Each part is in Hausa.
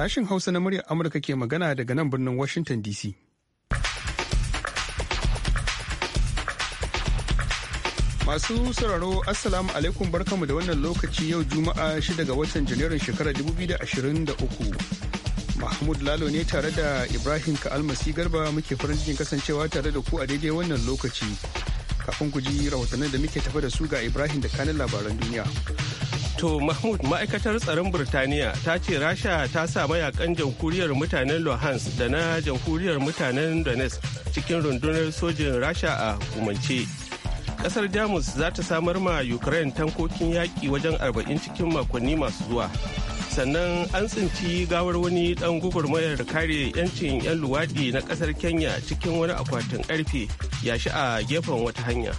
Sashin Hausa na muryar Amurka ke magana daga nan birnin Washington DC. Masu sauraro Assalamu alaikum barkamu da wannan lokaci yau Juma'a 6 ga watan Janairun shekarar 2023. Mahmud Lalo ne tare da Ibrahim Ka'almasi Garba muke farin cikin kasancewa tare da ku a daidai wannan lokaci. Kafin ku ji rahotannin da muke tafa da su ga Ibrahim da kanin labaran duniya. To Mahmud ma'aikatar tsaron Burtaniya ta ce Rasha ta sa mayakan jamhuriyar mutanen Luhansk da na jamhuriyar mutanen Donetsk cikin rundunar sojin Rasha a hukumance. Kasar Jamus za ta samar ma Ukraine tankokin yaƙi wajen arba'in cikin makonni masu zuwa. Sannan an tsinci gawar wani ɗan gugurmayar kare 'yancin 'yan luwaɗi na ƙasar Kenya cikin wani akwatin ƙarfe yashi a gefen wata hanya.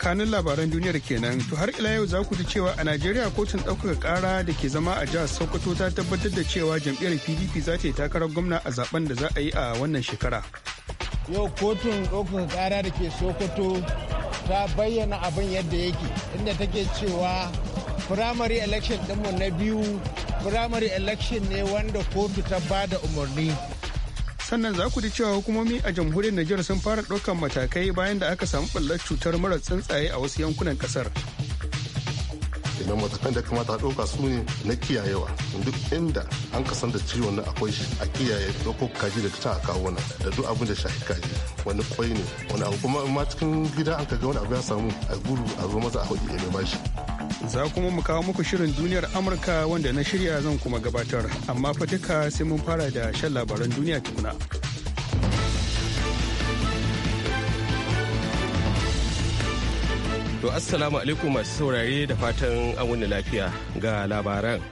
tsakanin labaran duniyar kenan to har ila yau za ku ji cewa a najeriya kotun ɗaukaka ƙara da ke zama a jihar sokoto ta tabbatar da cewa jam'iyyar pdp za ta yi takarar gwamna a zaben da za a yi a wannan shekara yau kotun ɗaukaka ƙara da ke sokoto ta bayyana abin yadda yake inda take cewa firamare election ɗinmu na biyu firamare election ne wanda kotu ta ba da umarni sannan za ku ji cewa hukumomi a jamhuriyar Nijar sun fara ɗaukar matakai bayan da aka samu ɓallar cutar mara tsuntsaye a wasu yankunan ƙasar. idan matakan da kamata a ɗauka su ne na kiyayewa duk inda an kasan da ciwon na akwai shi a kiyaye ɗaukar kaji da ta a kawo nan da duk abin da shafi kaji wani kwai ne wani abu kuma ma cikin gida an kaga wani abu ya samu a guru a zo maza a kwaɗi ya nema shi. za kuma mu kawo muku shirin duniyar amurka wanda na shirya zan kuma gabatar amma fa duka sai mun fara da shan labaran duniya tukuna. To assalamu alaikum masu saurare da fatan wuni lafiya ga labaran.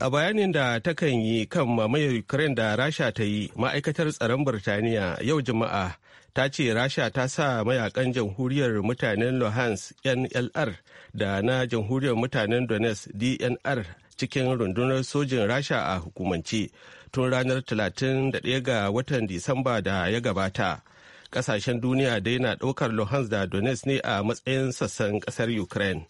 A bayanin da takan yi kan mamayar Ukraine da Rasha ta yi ma'aikatar tsaron Birtaniya yau Juma'a ta ce Rasha ta sa mayakan jamhuriyar mutanen Luhansk NLR da na jamhuriyar mutanen Donetsk DNR cikin rundunar sojin Rasha a hukumance tun ranar 31 ga watan Disamba da ya gabata. kasashen duniya dai na ɗaukar luhansk da donetsk ne a matsayin sassan ƙasar ukraine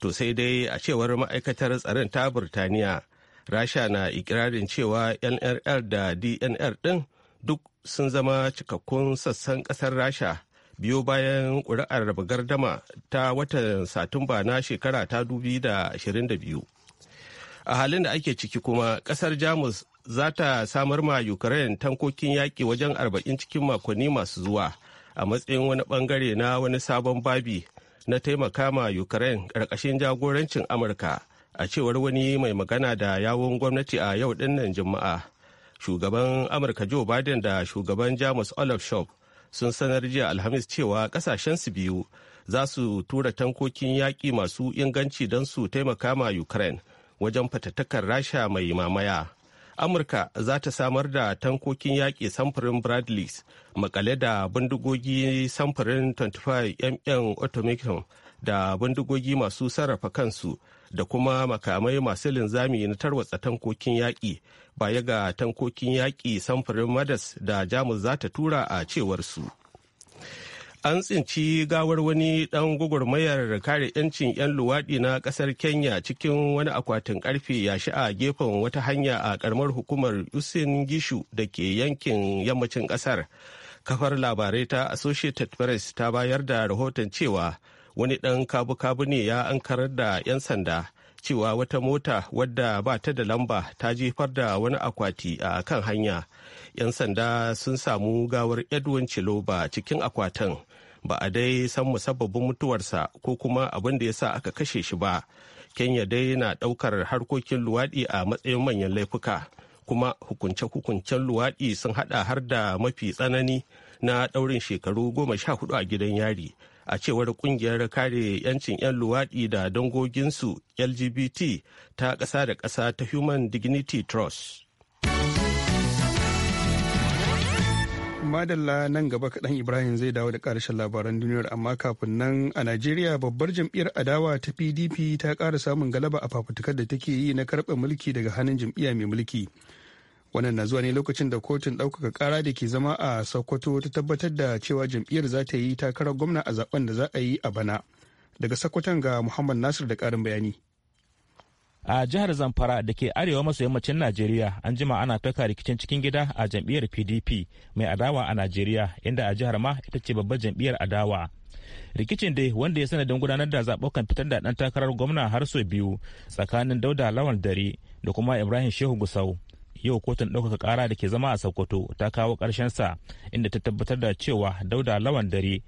to sai dai a cewar ma'aikatar tsaron ta burtaniya rasha na ikirarin cewa nrl da dnr ɗin duk sun zama cikakkun sassan ƙasar rasha biyo bayan ƙuri'ar gardama ta watan satumba na shekara ta 2022 a halin da ake ciki kuma ƙasar jamus za ta samar ma Ukraine tankokin yaƙi wajen arba'in cikin makonni masu zuwa a matsayin wani bangare na wani sabon babi na taimaka ma Ukraine ƙarƙashin jagorancin Amurka a cewar wani mai magana da yawun gwamnati a yau dinnan Juma'a. Shugaban Amurka Joe Biden da shugaban Jamus Olaf Shop sun sanar jiya Alhamis cewa su biyu za su tura tankokin yaƙi masu inganci don su taimaka ma Ukraine wajen fatattakar Rasha mai mamaya. amurka za ta samar da tankokin yaƙi samfurin bradleys makale da bindigogi samfurin 25mm automaton da bindigogi masu sarrafa kansu da kuma makamai masu linzami na tarwatsa tankokin yaƙi baya ga tankokin yaƙi samfurin madas da jamus za ta tura a cewarsu. an tsinci gawar wani ɗan gwagwarmayar kare 'yancin 'yan luwaɗi na ƙasar kenya cikin wani akwatin ƙarfe yashi a gefen wata hanya a ƙaramar hukumar usin gishu da ke yankin yammacin ƙasar kafar labarai ta associated press ta bayar da rahoton cewa wani ɗan kabu-kabu ne ya ankar da 'yan sanda cewa wata mota wadda ba ta da lamba ta jefar da wani akwati a kan hanya 'yan sanda sun samu gawar edwin chiloba cikin akwatin ba a dai san musabbabin mutuwarsa ko kuma abin da ya sa aka kashe shi ba kenya dai na daukar harkokin luwaɗi a matsayin manyan laifuka kuma hukunce-hukuncen luwaɗi sun hada har da mafi tsanani na ɗaurin shekaru goma sha hudu a gidan yari a cewar ƙungiyar kare 'yancin 'yan luwaɗi da dangoginsu lgbt ta ƙasa da ƙasa ta human dignity trust madalla nan gaba kaɗan Ibrahim zai dawo da ƙarshen labaran duniyar amma kafin nan a Najeriya babbar jam'iyyar adawa ta PDP ta ƙara samun galaba a fafutukar da take yi na karɓe mulki daga hannun jam'iyya mai mulki. Wannan na zuwa ne lokacin da kotun ɗaukaka ƙara da ke zama a Sokoto ta tabbatar da cewa jam'iyyar za ta yi takarar gwamna a zaben da za a yi a bana. Daga Sokoton ga Muhammad Nasir da ƙarin bayani. a jihar zamfara da ke arewa maso yammacin najeriya an jima ana taka rikicin cikin gida a jam'iyyar pdp mai adawa a najeriya inda a jihar ma ita ce babbar jam'iyyar adawa rikicin dai wanda ya sanadin gudanar da zaɓukan fitar da ɗan takarar gwamna har sau biyu tsakanin dauda lawan dare da kuma ibrahim shehu gusau yau kotun ɗaukaka ƙara da ke zama a sokoto ta kawo sa inda ta tabbatar da cewa dauda lawan dare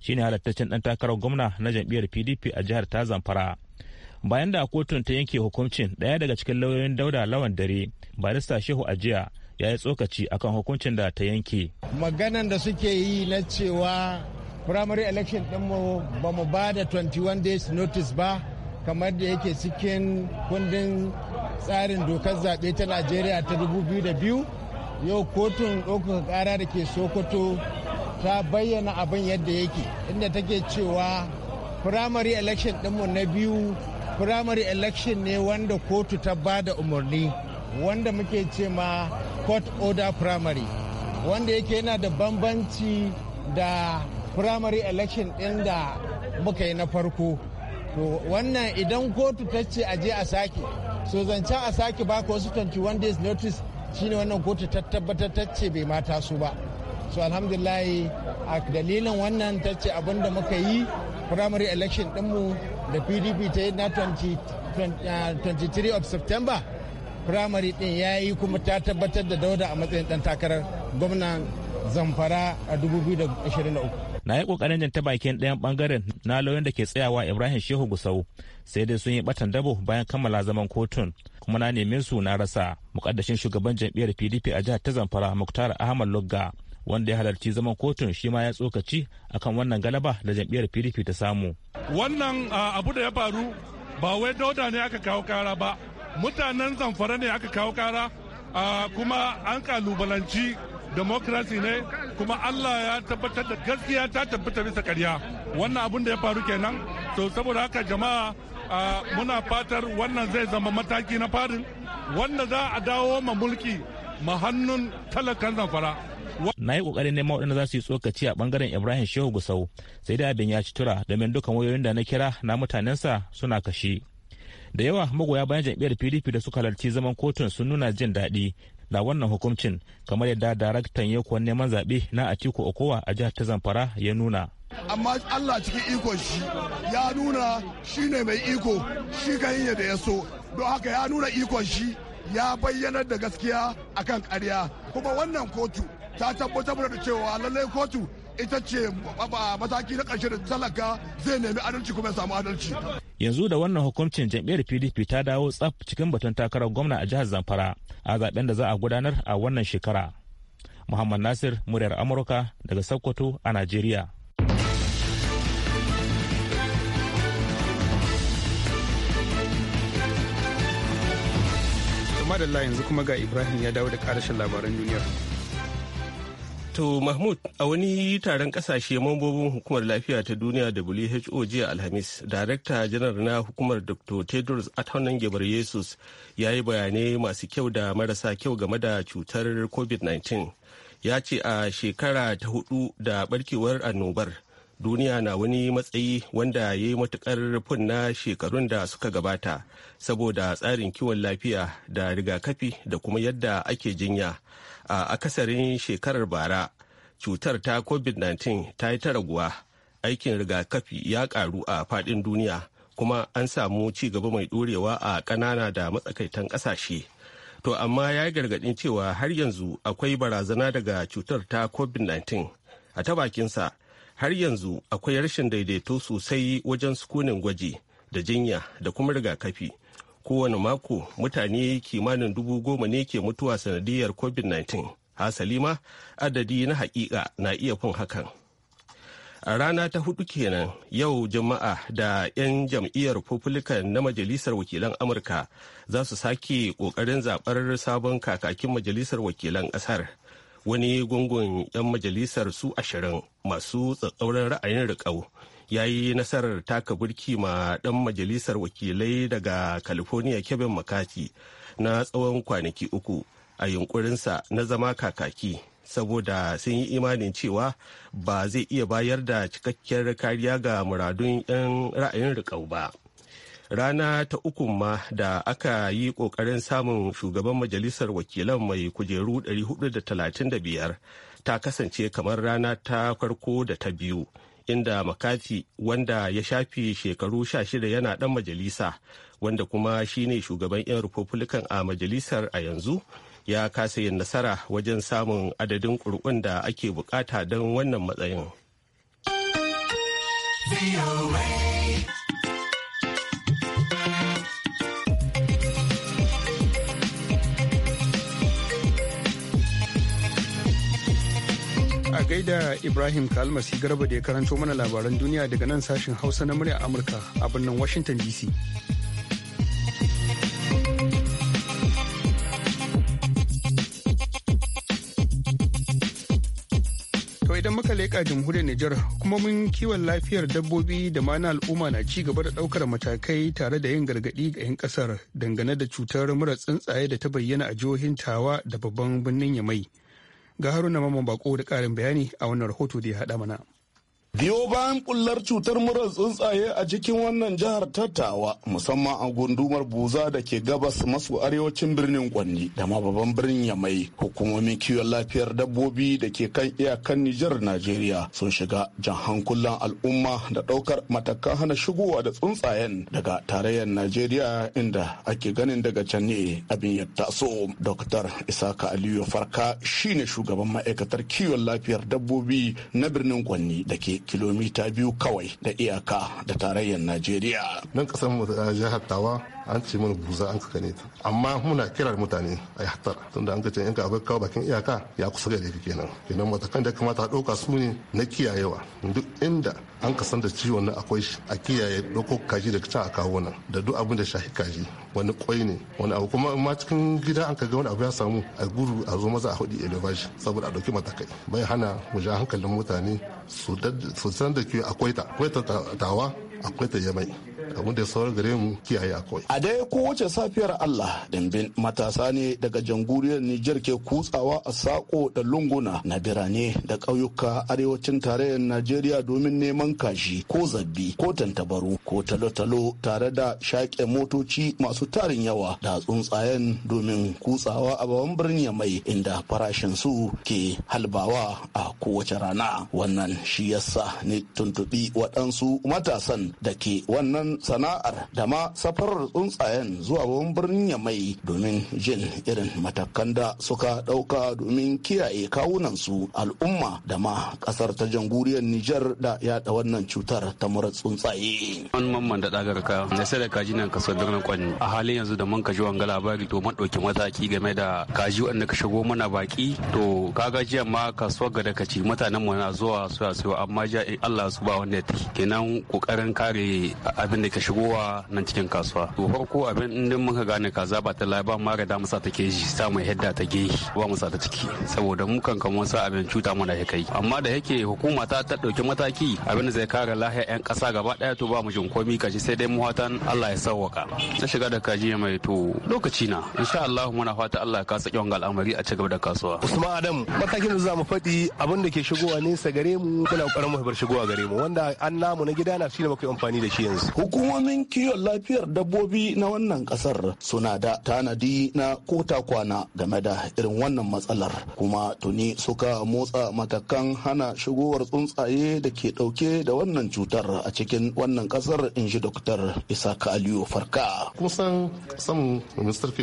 shine halattacin ɗan takarar gwamna na jam'iyyar pdp a jihar ta zamfara bayan da kotun ta yanke hukuncin daya daga cikin lauyoyin dauda lawan dare barista shehu ajiya ya yi tsokaci akan hukuncin da ta yanke maganan da suke yi na cewa primary election ɗinmu ba mu ba da 21 days notice ba kamar da yake cikin kundin tsarin dokar zaɓe ta najeriya ta 2002 yau kotun ɗaukaka ƙara da ke sokoto ta bayyana abin yadda yake inda take cewa primary election ɗinmu na biyu primary election ne wanda kotu ta ba da umarni wanda muke ce ma court order primary wanda yake yana da bambanci da primary election ɗin da muka yi na farko to wannan idan kotu ta ce aje a sake so zancen a sake baka wasu 21 days notice shine wannan kotu ta tabbatar ta ce bai mata su ba so alhamdulillah a dalilin wannan ta ce abin da muka yi primary election dinmu da pdp ta yi na 23 ah, of september primary din ya yi kuma ta tabbatar da dauda a matsayin ɗan takarar gwamnan zamfara a 2023 na yi kokarin jin ta bakin ɗayan bangaren na lauyan da ke tsayawa ibrahim shehu gusau sai dai sun yi batan dabo bayan kammala zaman kotun kuma na neme su na rasa mukaddashin shugaban jam'iyyar pdp a jihar ta zamfara muktar ahmad lugga wanda ya halarci zaman kotun shi ma ya tsokaci akan wannan galaba da jam'iyyar pdp ta samu wannan abu da ya faru ba wai dauda ne aka kawo kara ba mutanen zamfara ne aka kawo kara kuma an kalubalanci democracy ne kuma allah ya tabbatar da gaskiya ta tabbata bisa karya wannan abun da ya faru kenan to saboda haka jama'a muna fatar wannan zai zama mataki na farin wanda za a dawo ma mulki ma hannun talakan zamfara na yi kokarin neman waɗanda za su yi tsokaci a bangaren ibrahim shehu gusau sai da abin ya ci tura domin dukkan wayoyin da na kira na mutanensa suna kashe da yawa magoya bayan jam'iyyar pdp da suka halarci zaman kotun sun nuna jin daɗi da wannan hukuncin kamar yadda daraktan yakuwan neman zaɓe na atiku okowa a jihar ta zamfara ya nuna amma allah cikin ikon shi ya nuna shine mai iko shi kan da ya so don haka ya nuna ikon shi ya bayyanar da gaskiya a kan ƙarya kuma wannan kotu ta tabbatar da cewa lallai kotu ita ce mataki na ƙarshe da talaka zai nemi adalci kuma ya samu adalci. Yanzu da wannan hukuncin jam'iyyar PDP ta dawo tsaf cikin batun takarar gwamna a jihar Zamfara a zaben da za a gudanar a wannan shekara. Muhammad Nasir, muryar Amurka daga Sokoto a Najeriya. madalla yanzu kuma ga Ibrahim ya dawo da karashin labaran duniyar. To Mahmud a wani taron kasashe mambobin hukumar lafiya ta duniya WHO jiya Alhamis, darakta janar na hukumar Dr. Tedros Adhanom Ghebreyesus ya yi bayanai masu kyau da marasa kyau game da cutar COVID-19. Ya ce a shekara ta hudu da barkewar annobar duniya na wani matsayi wanda ya yi matukar na shekarun da suka gabata saboda tsarin kiwon lafiya da rigakafi da kuma yadda ake jinya a akasarin shekarar bara cutar ta covid-19 ta yi ta raguwa aikin rigakafi ya karu a fadin duniya kuma an samu ci gaba mai dorewa a ƙanana da matsakaitan ƙasashe to amma ya yi gargadin cewa har yanzu akwai barazana daga cutar ta covid-19 a ta bakinsa har yanzu akwai rashin daidaito sosai wajen sukunin gwaji da jinya da kuma rigakafi kowane mako mutane kimanin dubu goma ne ke mutuwa sanadiyar covid-19 hasali ma adadi na hakika na iya fin hakan a rana ta hudu kenan yau jama'a da 'yan jam'iyyar republican na majalisar wakilan amurka za su sake kokarin zaɓar sabon kakakin majalisar wakilan ƙasar wani gungun 'yan majalisar su ashirin masu tsatsauran ra'ayin riƙau ya yi nasarar taka burki ma ɗan majalisar wakilai daga california kevin mccarthy na tsawon kwanaki uku a yunkurinsa na zama kakaki saboda sun yi imanin cewa ba zai iya bayar da cikakkiyar kariya ga muradun 'yan ra'ayin riƙau ba. rana ta uku ma da aka yi kokarin samun shugaban majalisar wakilan mai kujeru 435 ta kasance kamar rana ta farko da ta biyu inda makati wanda ya shafi shekaru 16 yana dan majalisa wanda kuma shine shugaban 'yan republican a majalisar a yanzu ya kasa yin nasara wajen samun adadin ƙuri'un da ake bukata don wannan matsayin. a gaida Ibrahim Kalmasi Garba da ya karanto mana labaran duniya daga nan sashen Hausa na murya Amurka a birnin Washington DC. idan muka leƙa jamhuriyar Nijar mun kiwon lafiyar dabbobi da ma na al'umma na ci gaba da ɗaukar matakai tare da yin gargaɗi ga 'yan ƙasar dangane da cutar mura tsuntsaye da ta bayyana a jihohin tawa da babban birnin Yamai. Ga Haruna Mamman Bako da ƙarin bayani a wannan rahoto da ya haɗa mana. biyo bayan bullar cutar murar tsuntsaye a cikin wannan jihar tattawa musamman a gundumar buza da ke gabas maso arewacin birnin kwanni da ma babban birnin yamai hukumomin kiwon lafiyar dabbobi da ke kan iyakan nijar najeriya sun shiga jan hankulan al'umma da daukar matakan hana shigowa da tsuntsayen daga tarayyar najeriya inda ake ganin daga can ne abin ya taso dr isaka aliyu farka shine shugaban ma'aikatar kiwon lafiyar dabbobi na birnin kwanni da ke kilomita biyu kawai da iyaka da tarayyar najeriya nan kasar mu jihar tawa an ce mana buza an kakane ta amma muna kirar mutane a yi hatar tunda an kace yanka akwai kawo bakin iyaka ya kusa gare ka kenan kenan matakan da kamata a ɗauka su ne na kiyayewa duk inda an kasan da ciwon nan akwai a kiyaye ɗauko kaji daga can a kawo nan da duk abin da shahi kaji wani kwai ne wani abu kuma ma cikin gida an kaga wani abu ya samu a guru a zo maza a hudu elevashi saboda a ɗauki matakai bai hana mu ja hankalin mutane su san da ke akwai ta akwai ta tawa akwai ta yamai abin da sauran gare mu kiyaye akwai a dai kowace safiyar Allah dimbin matasa ne daga jamhuriyar Nijar ke kutsawa a sako da lunguna na birane da ƙauyuka arewacin tarayyar Najeriya domin neman kashi ko zabbi ko tantabaru ko talo-talo tare da shaƙe motoci masu tarin yawa da tsuntsayen domin kutsawa a babban birni mai inda farashin su ke halbawa a kowace rana wannan shi yasa ne tuntubi waɗansu matasan da ke wannan sana'ar da ma safarar tsuntsayen zuwa babban birnin ya mai domin jin irin matakan da suka ɗauka domin kiyaye kawunansu al'umma da ma ƙasar ta janguriyar Nijar da yaɗa wannan cutar ta mura tsuntsaye. An mamman da ɗagar ka na sai da kaji nan kaso birnin kwanni a halin yanzu da mun ka wanga labari to mun mataki game da kaji wanda ka shigo mana baki to kaga jiya ma kasuwar ga da kaci mutanen mu na zuwa su a amma ja Allah su ba wanda ya kenan kokarin kare abin da ke shigowa nan cikin kasuwa to farko abin indin muka gane kaza ba ta ba mara ga damu sa ta keji sa mu hadda ta gehi ba mu ta ciki saboda mu kan kamar sa abin cuta mana ya kai amma da yake hukuma ta ta dauki mataki abin da zai kare lahiyar yan kasa gaba daya to ba mu jin komi kaji sai dai mu fatan Allah ya sauwaka na shiga da kaji mai to lokaci na insha Allah muna fata Allah ya kasa kyan al'amari a cigaba da kasuwa Usman Adam matakin da za mu faɗi abin da ke shigowa nesa gare mu muna ƙoƙarin mu bar shigowa gare mu wanda an namu na gida na shi ne muka yi amfani da shi yanzu hukumomin kiwon lafiyar dabbobi na wannan kasar suna da tanadi na kota kwana game da irin wannan matsalar kuma tuni suka motsa matakan hana shigowar tsuntsaye da ke dauke da wannan cutar a cikin wannan kasar in ji doktor isaka kaliyo farka kusan samun mr k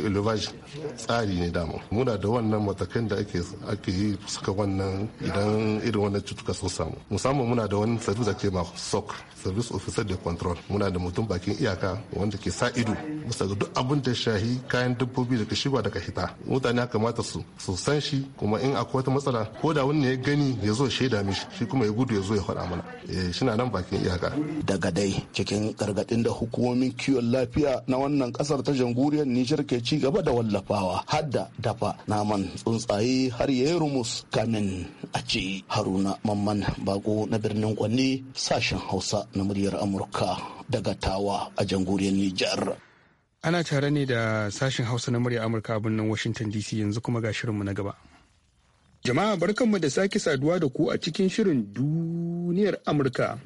tsari ne dama muna da wannan matakan da ake yi suka wannan idan irin wannan cutuka sun samu musamman muna da wani service da ke ma soc service officer de control muna da mutum bakin iyaka wanda ke sa ido bisa ga duk abin da shahi kayan dabbobi daga shigo daga hita mutane ya kamata su su san shi kuma in akwai wata matsala ko da wani ya gani ya zo shaida mishi shi kuma ya gudu ya zo ya faɗa mana eh, shina nan bakin iyaka daga dai cikin gargaɗin da hukumomin kiwon lafiya na wannan ƙasar ta jamhuriyar Nijar ke ci gaba da wallafawa hadda dafa naman tsuntsaye har ya yi rumus kamin a ce haruna mamman bako na birnin kwanne sashen hausa na muryar amurka daga tawa a jamhuriyar Nijar. Ana tare ne da sashen Hausa na murya Amurka a birnin Washington DC yanzu kuma ga shirinmu na gaba. Jama'a barkanmu da sake saduwa da ku a cikin shirin duniyar Amurka.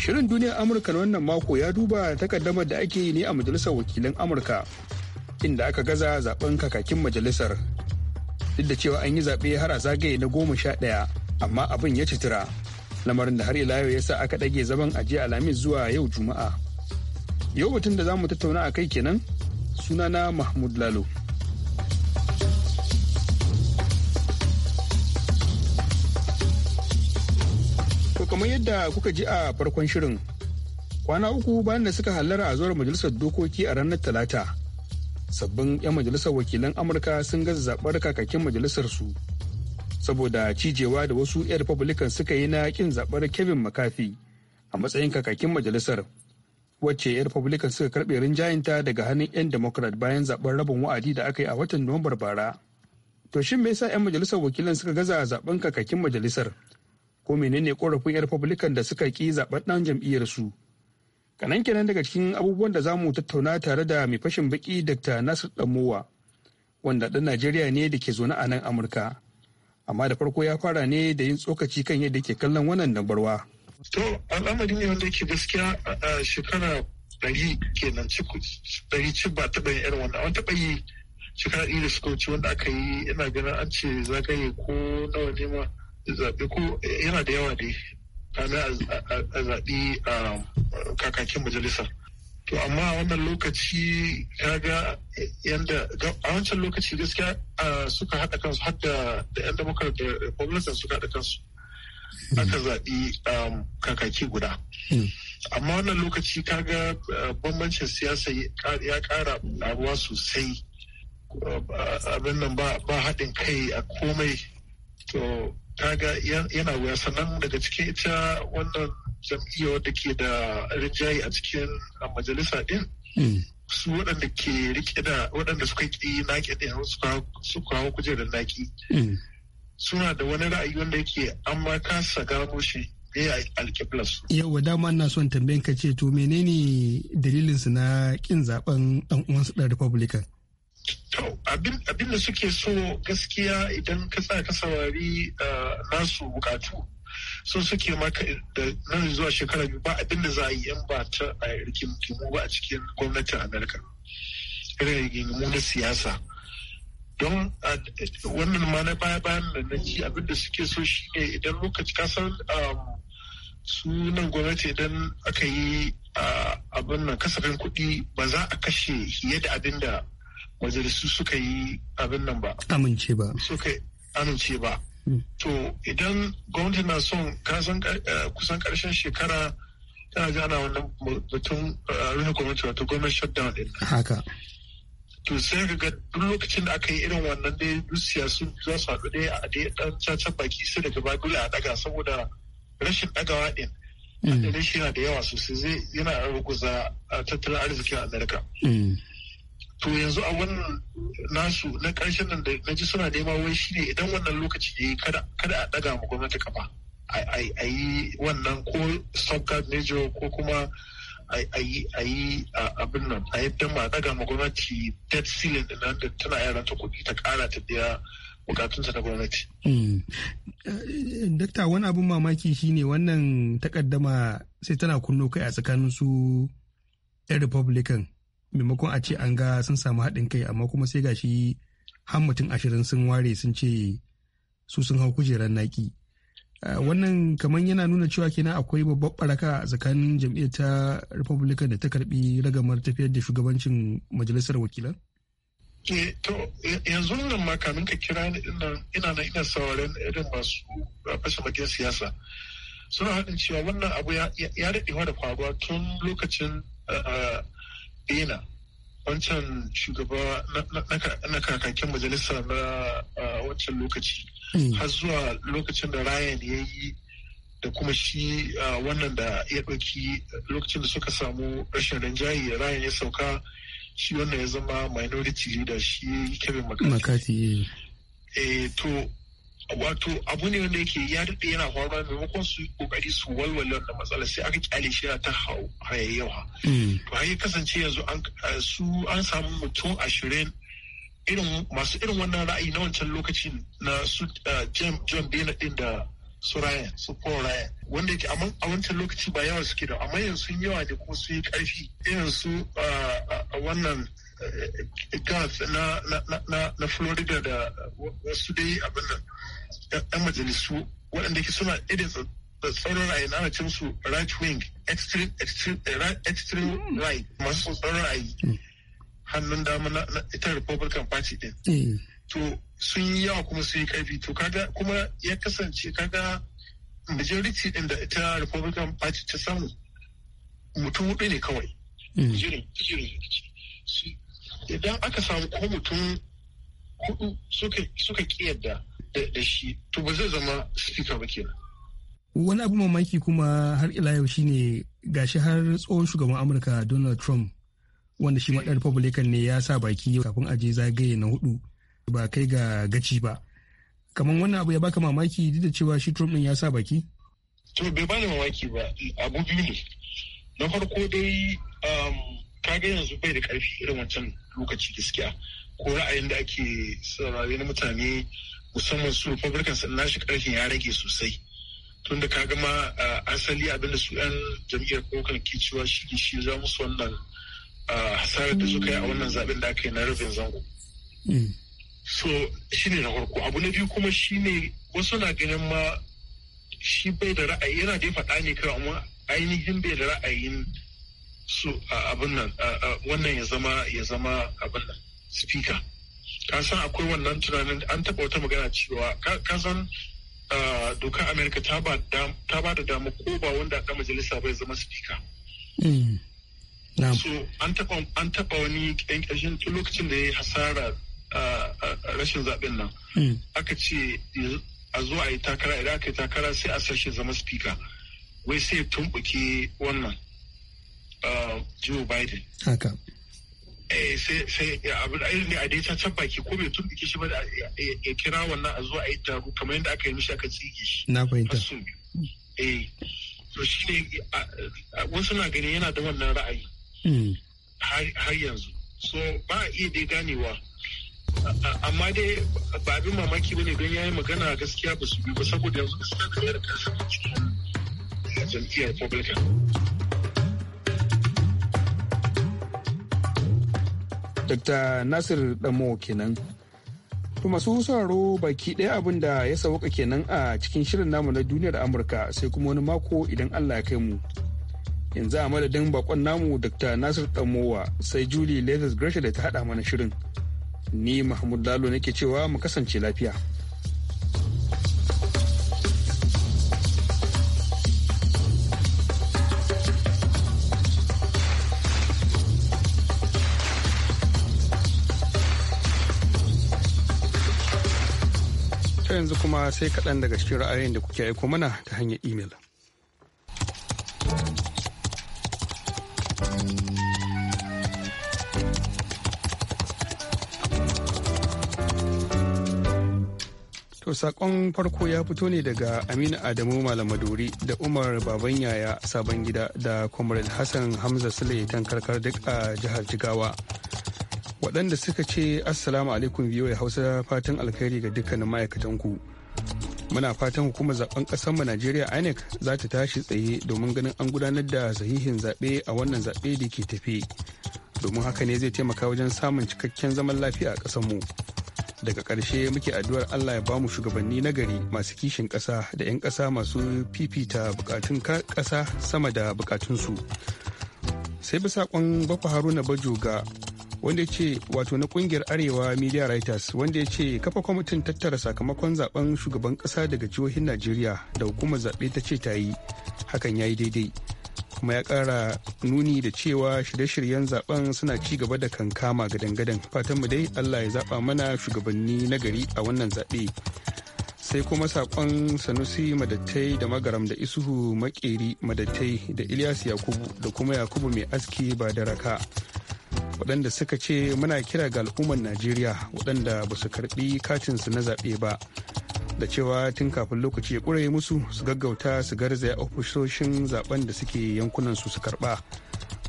Shirin duniyar Amurka na wannan mako ya duba takaddamar da ake yi ne a Majalisar Wakilan Amurka inda aka gaza zaben kakakin majalisar duk da cewa an yi zaɓe har a zagaye na goma sha ɗaya amma abin ya citira lamarin da har ila yau ya sa aka ɗage zaman aje alhamis zuwa yau juma'a yau batun da za mu tattauna a kai kenan sunana mahmud lalo to kamar yadda kuka ji a farkon shirin kwana uku bayan da suka hallara a zuwar majalisar dokoki a ranar talata sabbin 'yan majalisar wakilan amurka sun gaza zaɓar kakakin majalisar su saboda cijewa da wasu 'yan republican suka yi na kin zaɓar kevin mccarthy a matsayin kakakin majalisar wacce 'yan republican suka karɓe rinjayenta daga hannun 'yan democrat bayan zaɓen rabin wa'adi da aka yi a watan nuwambar bara to shin me yasa 'yan majalisar wakilan suka gaza zaɓen kakakin majalisar ko menene korafin 'yan republican da suka ki zaɓen ɗan jam'iyyar su kanan kenan daga cikin abubuwan da za mu tattauna tare da mai fashin baki dr nasir damowa wanda dan najeriya ne da ke zaune a nan amurka amma da farko ya fara ne da yin tsokaci kan yadda ke kallon wannan dambarwa. to al'amari ne wanda yake gaskiya a shekara ɗari kenan ɗari ci ba taɓa yin irin wannan an taɓa yi shekara ɗari da suka wuce wanda aka yi yana ganin an ce zagaye ko nawa ne ma zaɓe ko eh, yana da yawa dai a zaɓi kakakin majalisa. to amma a wannan lokaci ga yadda a wancan lokaci gaskiya suka haɗa kansu har da yan democrat da republican suka haɗa kansu aka zaɓi um, kakaki guda hmm. amma wannan lokaci kaga uh, bambancin siyasa ya ƙara ƙaruwa sosai uh, abin nan ba haɗin kai a komai to kaga yana wuya sannan daga cikin ita wannan jam'iyyar da ke da rinjaye a cikin majalisa din hmm. su waɗanda ke rike da waɗanda suka ƙi naƙi ɗin su kawo kujerar naƙi hmm. suna da wani ra'ayi wanda yake an ma kasa gano shi a alkiblas yau Yawwa dama na son tambayin ka ce to menene dalilin na ƙin zaben ɗan uwansu ɗan Republican? To abin da suke so gaskiya idan ka sa ka saurari eh, nasu bukatu so suke maka da nan zuwa shekara biyu ba abin da za a yi yan ba ta a rikin ba a cikin gwamnatin Amurka. Irin mu na siyasa. Don wannan ma na baya bayan da na ci abin da suke so shi ne idan lokaci kasan um, su nan gwamnati idan aka yi ah, abin nan kasafin kuɗi ba za a kashe fiye da abin da majalisu suka yi abin nan ba. Amince ba. Suka amince ba. Hmm. To idan gwamnati na son kasan eh, kusan karshen shekara tana ji ana wannan mutum eh, rufe gwamnati wato gwamnati shutdown din. Haka. To sai ga duk lokacin da aka yi irin wannan dai duk siyasu za su haɗu dai a dai ɗan caca baki sai daga ba dole a ɗaga saboda rashin ɗagawa din. Hmm. Adalai shi yana da yawa sosai zai yana ruguza eh, tattalin arzikin Amurka. Hmm. to yanzu a wannan nasu na karshen nan da na ji suna nema wai shine idan wannan lokaci ya yi kada a ɗaga ma gwamnati kafa a yi wannan ko stopgap major ko kuma a yi abin nan a yadda ma daga ma gwamnati dead ceiling din nan da tana yaran ta kuɗi ta ƙara ta biya bukatunsa na gwamnati. Mm. Eh, Dakta wani abin mamaki shine wannan takaddama sai tana kunno kai a tsakanin su 'yan Republican maimakon a ce an ga sun samu haɗin kai amma kuma sai gashi har mutum ashirin sun ware sun ce su sun hau kujerar naki ah, wannan kamar yana nuna cewa kenan akwai babbar baraka tsakanin jam'iyyar ta republican da ta karbi ragamar tafiyar da shugabancin majalisar wakilan eh, to yanzu nan ma kamin ka kira ina na ina sauraren irin masu fashe bakin siyasa suna haɗin cewa wannan abu ya daɗewa da faruwa tun lokacin ah, ah, dena wancan shugaba na kakakin majalisa na wancan lokaci mm. har zuwa lokacin da ryan ya yi da kuma shi wannan da ya ɗauki lokacin da suka samu rashin rinjaye ryan ya sauka shi wannan ya zama minority leader shi kevin mccarthy eh. Eh, to wato abu ne wanda yake ya daɗe yana faruwa maimakon su kokari su walwale wannan matsala sai aka kyale shi a ta hayayyawa mm. to har kasance yanzu eh, su an samu mutum ashirin irin masu irin wannan ra'ayi na wancan lokacin na su eh, john bena din da su ryan su paul ryan wanda yake a wancan lokaci ba yawa suke da amma yanzu yawa ne kuma su yi ƙarfi irin su eh, wannan gas na, na, na, na florida da wasu dai abin nan yan majalisu waɗanda ke suna irin tsaron ra'ayi na cin su right wing extreme eh, mm. right masu tsaron ra'ayi mm. hannun dama na ita republican party din mm. to sun yi yawa kuma sun yi karfi to kaga kuma ya kasance kaga majority din da ita republican party ta samu mutum hudu ne kawai jirin jirin idan aka samu ko mutum hudu suka yadda da shi to ba zai zama speaker ba kenan wani abu mamaki kuma har ila yau shine gashi har tsohon shugaban amurka donald trump wanda shi maɗan republican ne ya sa baki kafin aje zagaye na hudu ba kai ga gaci ba kamar wannan abu ya baka mamaki duk da cewa shi trump din ya sa baki to bai bani mamaki ba abu biyu ne na farko dai um, kaga yanzu bai da karfi irin wancan lokaci gaskiya ko ra'ayin da ake saurari na mutane musamman su republican sun nashi karfin ya rage sosai tunda ka gama asali abinda su 'yan jam'iyyar kokan ke cewa shi shi za musu wannan hasarar da suka yi a wannan zaben da aka yi na rabin zango mm. so shi ne na farko abu na biyu kuma shi ne wasu na ganin ma shi bai da ra'ayi yana dai faɗa ne kawai amma ainihin bai da ra'ayin su abin nan wannan ya zama ya zama abin nan speaker ka san akwai wannan tunanin an taɓa wata magana cewa ka san dokar amerika ta ba da dama ko ba wanda aka majalisa bai zama speaker mm. so an taɓa wani yan kashin tun lokacin da ya yi hasara rashin zaɓen nan mm. aka ce a zo a yi takara idan aka yi takara sai a sashe zama speaker wai sai ya tumbuke wannan Uh, Joe Biden. Haka. Eh, sai abin ne a dai ta can baki ko bai turbike shi ba da ya kira wannan a zuwa a yi taro kamar yadda aka yi mishi aka tsige shi. Na fahimta. Eh, to shi ne wasu na ganin yana da wannan ra'ayi. Hmm. Har yanzu. So ba a iya dai ganewa. Amma dai ba abin mamaki ba ne don ya yi magana gaskiya ba su biyu ba saboda yanzu gaskiya kamar ƙarshen cikin jam'iyyar Republican. Dr. Nasir Damo kenan. To masu sauraro baki ɗaya abin da ya sauka kenan a cikin shirin namu na duniyar Amurka sai kuma wani mako idan Allah ya kai mu. Yanzu a madadin bakon namu Dr. Nasir Damowa sai Julie Leathers Gresham da ta haɗa mana shirin. Ni Mahmud Lalo nake cewa mu kasance lafiya. yanzu kuma sai kaɗan daga cikin ra'ayoyin da kuke aiko mana ta hanyar imel. To sakon farko ya fito ne daga Aminu Adamu Malamadori da Umar Baban Yaya Sabon Gida da Comrade Hassan Hamza Sule tankarkar duk a jihar Jigawa. waɗanda suka ce assalamu alaikum ya hausa fatan alkhairi ga dukkanin ma'aikatan ku muna fatan hukumar zaben mu najeriya inec za ta tashi tsaye domin ganin an gudanar da sahihin zaɓe a wannan zaɓe da ke tafe domin haka ne zai taimaka wajen samun cikakken zaman lafiya a mu daga ƙarshe muke addu'ar allah ya bamu shugabanni na gari masu kishin ƙasa da 'yan ƙasa masu fifita buƙatun ƙasa sama da buƙatunsu. sai bi saƙon bakwa haruna bajo ga wanda ya ce wato na kungiyar arewa media writers wanda ya ce kafa kwamitin tattara sakamakon zaben shugaban kasa daga jihohin najeriya da hukumar zaɓe ta ce ta yi hakan ya yi daidai kuma ya ƙara nuni da cewa shirye-shiryen zaben suna ci gaba da kankama ga dangadan mu dai allah ya zaɓa mana shugabanni na gari a wannan zaɓe sai kuma saƙon sanusi madattai da magaram da isuhu makeri madattai da ilyas yakubu da kuma yakubu mai aski ba da raka waɗanda suka ce muna kira ga al'ummar najeriya waɗanda ba su karɓi katinsu na zaɓe ba da cewa tun kafin lokaci ya ƙure musu su gaggauta su garzaya ofisoshin zaɓen da suke yankunan su su karɓa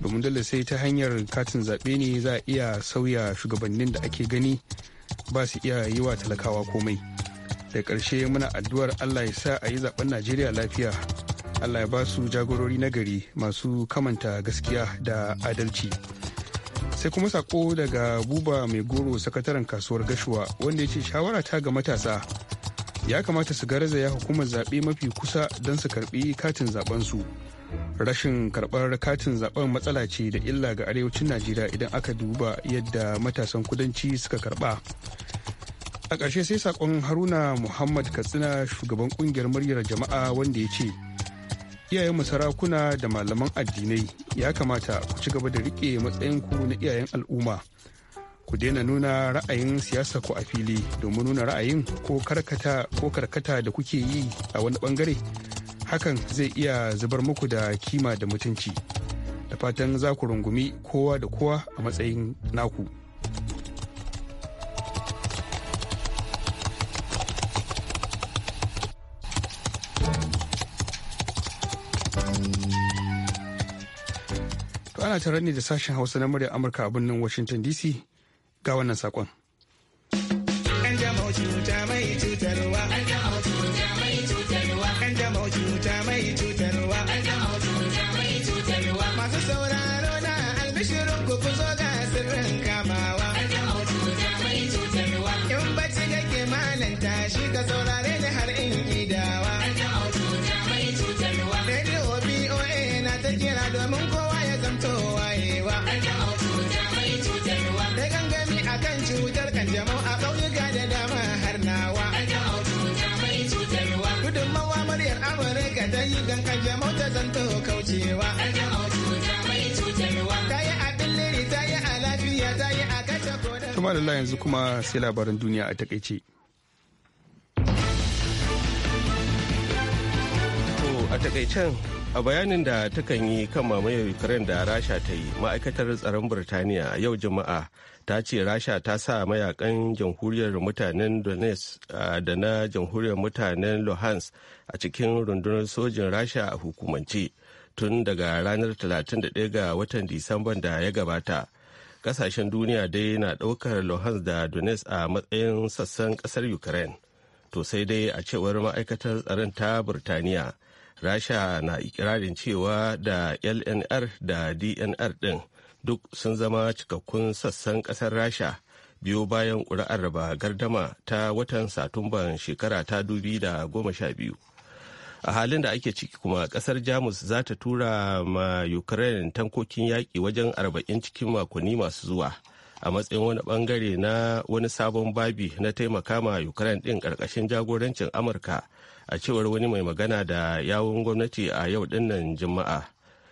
domin dole sai ta hanyar katin zaɓe ne za a iya sauya shugabannin da ake gani ba su iya yi wa talakawa komai da ƙarshe muna addu'ar allah ya sa a yi zaɓen najeriya lafiya allah ya ba su jagorori nagari masu kamanta gaskiya da adalci. sai kuma sako daga buba mai goro sakataren kasuwar gashuwa wanda ya ce shawara ta ga matasa ya kamata su garzaya hukumar zaɓe mafi kusa don su karɓi katin su rashin karɓar katin zaɓen matsala ce da illa ga arewacin najeriya idan aka duba yadda matasan kudanci suka karɓa a ƙarshe sai saƙon haruna muhammad katsina shugaban ƙungiyar muryar jama'a wanda ya ce iyayen sarakuna da malaman addinai ya kamata ku ci gaba da rike matsayinku na iyayen al'umma ku daina nuna ra'ayin siyasa ku a fili domin nuna ra'ayin ko karkata ko karkata da kuke yi a wani bangare hakan zai iya zubar muku da kima da mutunci da fatan za ku rungumi kowa da kowa a matsayin naku. ana tare ne da sashen hausa na murya amurka a birnin washington dc ga wannan sakon. 'yan jama'a cuta mai kaucewa yanzu kuma sai labaran duniya a takaice a takaicen a bayanin da takan yi kan mamayar ukraine da rasha ta yi ma'aikatar tsaron birtaniya yau juma'a ta ce rasha ta sa mayakan jamhuriyar mutanen donetsk da na jamhuriyar mutanen luhansk a cikin rundunar sojin rasha a hukumance tun daga ranar 31 ga watan disamban da ya gabata kasashen duniya dai na daukar luhansk da donetsk a matsayin sassan kasar ukraine to sai dai a cewar ma'aikatar tsaron ta burtaniya rasha na ikirarin cewa da lnr da dnr ɗin duk sun zama cikakkun sassan kasar rasha biyo bayan ƙuri'ar ba gardama ta watan satumban shekara ta dubi da goma sha biyu. a halin da ake ciki kuma kasar jamus za ta tura ma ukraine tankokin yaƙi wajen arba'in cikin makonni masu zuwa a matsayin wani bangare na wani sabon babi na taimaka ma ukraine ɗin ƙarƙashin jagorancin amurka a cewar wani mai magana da yawun gwamnati a yau dinnan juma'a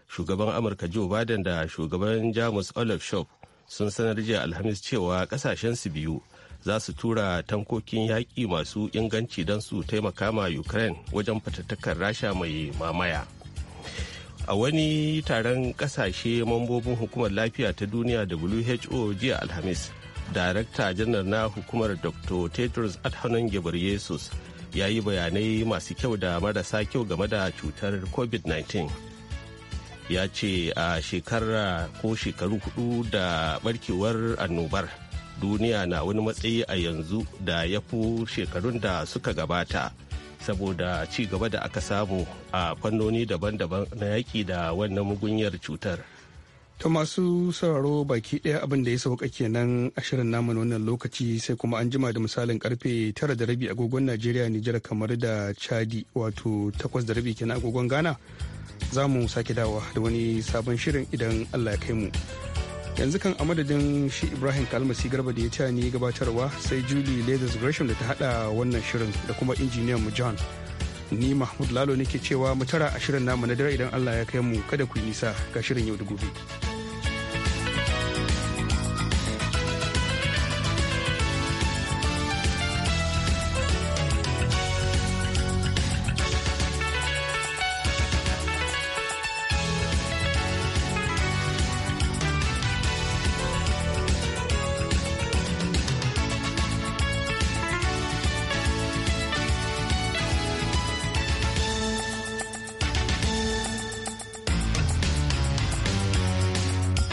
shugaban amurka joe biden da shugaban jamus olaf shop sun sanar jiya alhamis cewa su biyu za su tura tankokin yaƙi masu inganci don su taimaka ma ukraine wajen fatattakar rasha mai mamaya a wani taron ƙasashe mambobin hukumar lafiya ta duniya who jiya alhamis darakta janar na hukumar dr tedros adhanom ghebreyesus ya yi bayanai masu kyau da marasa kyau game da cutar covid-19 ya ce a shekara ko shekaru hudu da barkewar annobar duniya na wani matsayi a yanzu da ya fi shekarun da suka gabata saboda ci gaba da aka samu a fannoni daban-daban na yaƙi da wannan mugunyar cutar. ta masu sauraro baki ɗaya abin da ya sauka kenan ashirin namun wannan lokaci sai kuma an jima da misalin karfe tara da rabi agogon Najeriya Nijar kamar da Chadi wato takwas da rabi kenan agogon Ghana za mu sake dawa da wani sabon shirin idan Allah ya kai mu. yanzu kan a madadin shi ibrahim kalmasi garba da ya ta ni gabatarwa sai julie leathers gresham da ta hada wannan shirin da kuma injiniyan mu john ni mahmud lalo nake cewa mu tara a shirin namu na dare idan allah ya kai mu kada ku yi nisa ga shirin yau da gobe.